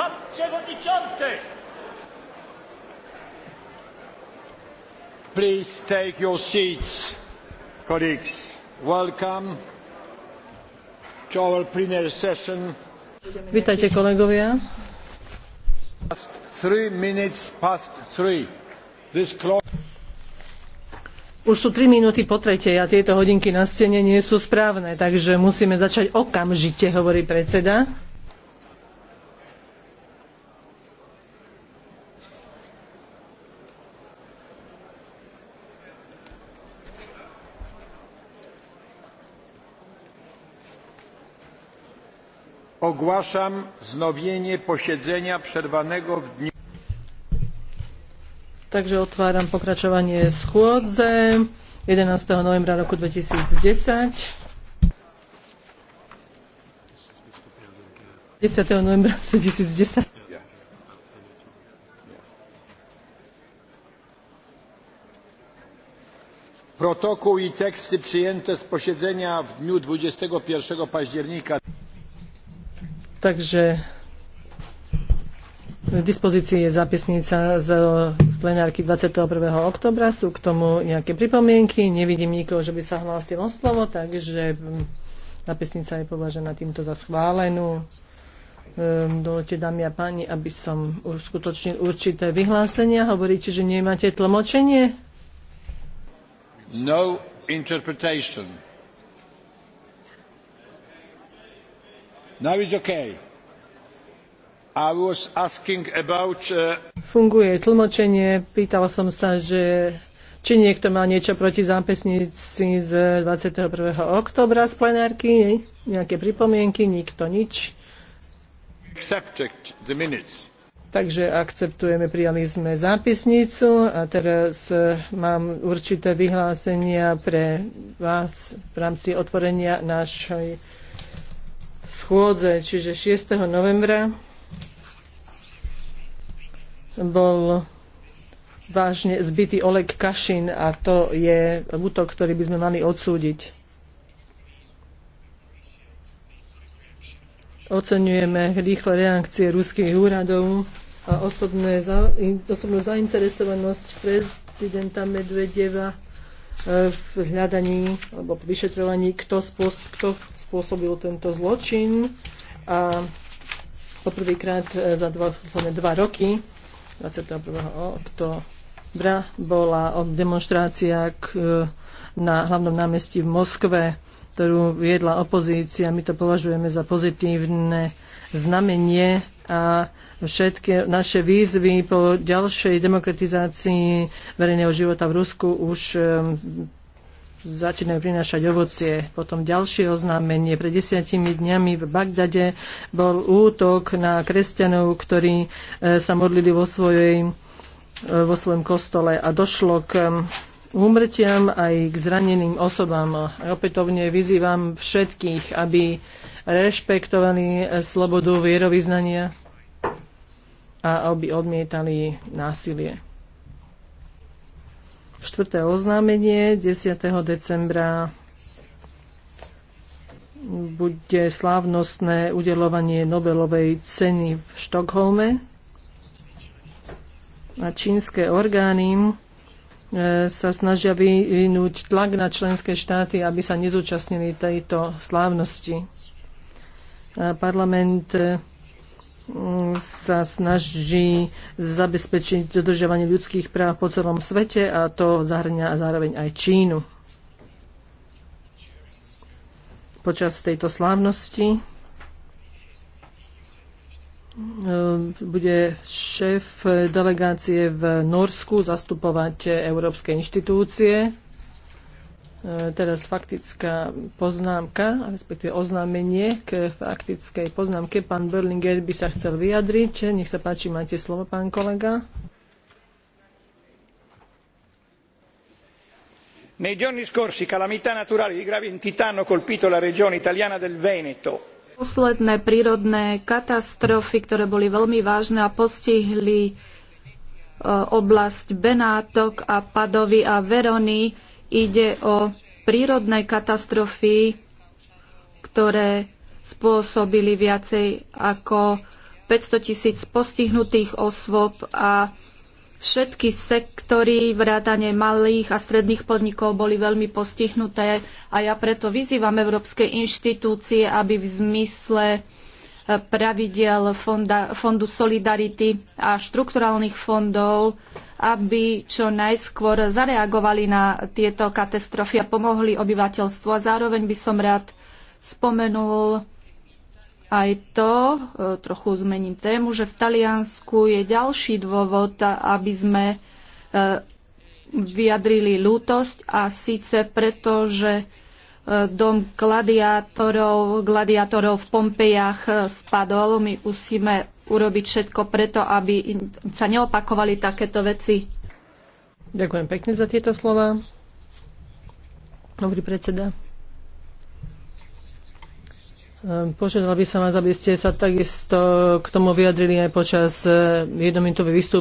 Pan Przewodniczący! Please take your seats, colleagues. Welcome to our plenary session. Witajcie kolegovia. Past three minutes past three. This clock... Už sú 3 minúty po tretej a tieto hodinky na stene nie sú správne, takže musíme začať okamžite, hovorí predseda. Ogłaszam wznowienie posiedzenia przerwanego w dniu... Także otwieram pokraczowanie schôdze 11. novembra roku 2010. 10. novembra 2010. Protokół i teksty przyjęte z posiedzenia w dniu 21 października Takže v dispozícii je zápisnica z plenárky 21. oktobra. Sú k tomu nejaké pripomienky. Nevidím nikoho, že by sa hlásil o slovo, takže zápisnica je považená týmto za schválenú. Ehm, dovolte, dámy a páni, aby som uskutočnil určité vyhlásenia. Hovoríte, že nemáte tlmočenie? No interpretation. Uh, Funguje tlmočenie. Pýtala som sa, že či niekto má niečo proti zápisnici z 21. októbra z plenárky. Nejaké pripomienky? Nikto nič. Takže akceptujeme, prijali sme zápisnicu a teraz e, mám určité vyhlásenia pre vás v rámci otvorenia našej schôdze, čiže 6. novembra bol vážne zbytý Oleg Kašin a to je útok, ktorý by sme mali odsúdiť. Oceňujeme rýchle reakcie ruských úradov a osobné, osobnú zainteresovanosť prezidenta Medvedeva eh, v hľadaní alebo vyšetrovaní, kto, spost, kto spôsobil tento zločin a poprvýkrát e, za dva, dva roky 21. oktobra bola demonstrácia k, e, na hlavnom námestí v Moskve, ktorú viedla opozícia. My to považujeme za pozitívne znamenie a všetky naše výzvy po ďalšej demokratizácii verejného života v Rusku už e, začínajú prinášať ovocie. Potom ďalšie oznámenie. Pred desiatimi dňami v Bagdade bol útok na kresťanov, ktorí e, sa modlili vo, svojej, e, vo svojom kostole a došlo k e, úmrtiam aj k zraneným osobám. A opätovne vyzývam všetkých, aby rešpektovali slobodu vierovýznania a aby odmietali násilie. Štvrté oznámenie 10. decembra bude slávnostné udelovanie Nobelovej ceny v Štokholme a čínske orgány e, sa snažia vyvinúť tlak na členské štáty, aby sa nezúčastnili tejto slávnosti. Parlament e, Mm, sa snaží zabezpečiť dodržiavanie ľudských práv po celom svete a to zahrňa zároveň aj Čínu. Počas tejto slávnosti e, bude šéf delegácie v Norsku zastupovať európske inštitúcie. E, teraz faktická poznámka, respektíve oznámenie k faktickej poznámke. Pán Berlinger by sa chcel vyjadriť. Nech sa páči, máte slovo, pán kolega. Nei giorni scorsi calamità naturali di entità hanno colpito la regione italiana del Veneto. Posledné prírodné katastrofy, ktoré boli veľmi vážne a postihli e, oblasť Benátok a Padovy a Verony, Ide o prírodné katastrofy, ktoré spôsobili viacej ako 500 tisíc postihnutých osôb a Všetky sektory vrátane malých a stredných podnikov boli veľmi postihnuté a ja preto vyzývam európske inštitúcie, aby v zmysle e, pravidel fonda, Fondu Solidarity a štrukturálnych fondov aby čo najskôr zareagovali na tieto katastrofy a pomohli obyvateľstvu. A zároveň by som rád spomenul aj to, e, trochu zmením tému, že v Taliansku je ďalší dôvod, aby sme e, vyjadrili lútosť a síce preto, že e, dom gladiátorov, gladiátorov v Pompejach spadol. My musíme urobiť všetko preto, aby sa neopakovali takéto veci. Ďakujem pekne za tieto slova. Dobrý predseda. Ehm, požiadal by som vás, aby ste sa takisto k tomu vyjadrili aj počas eh, jednominútových vystúpení.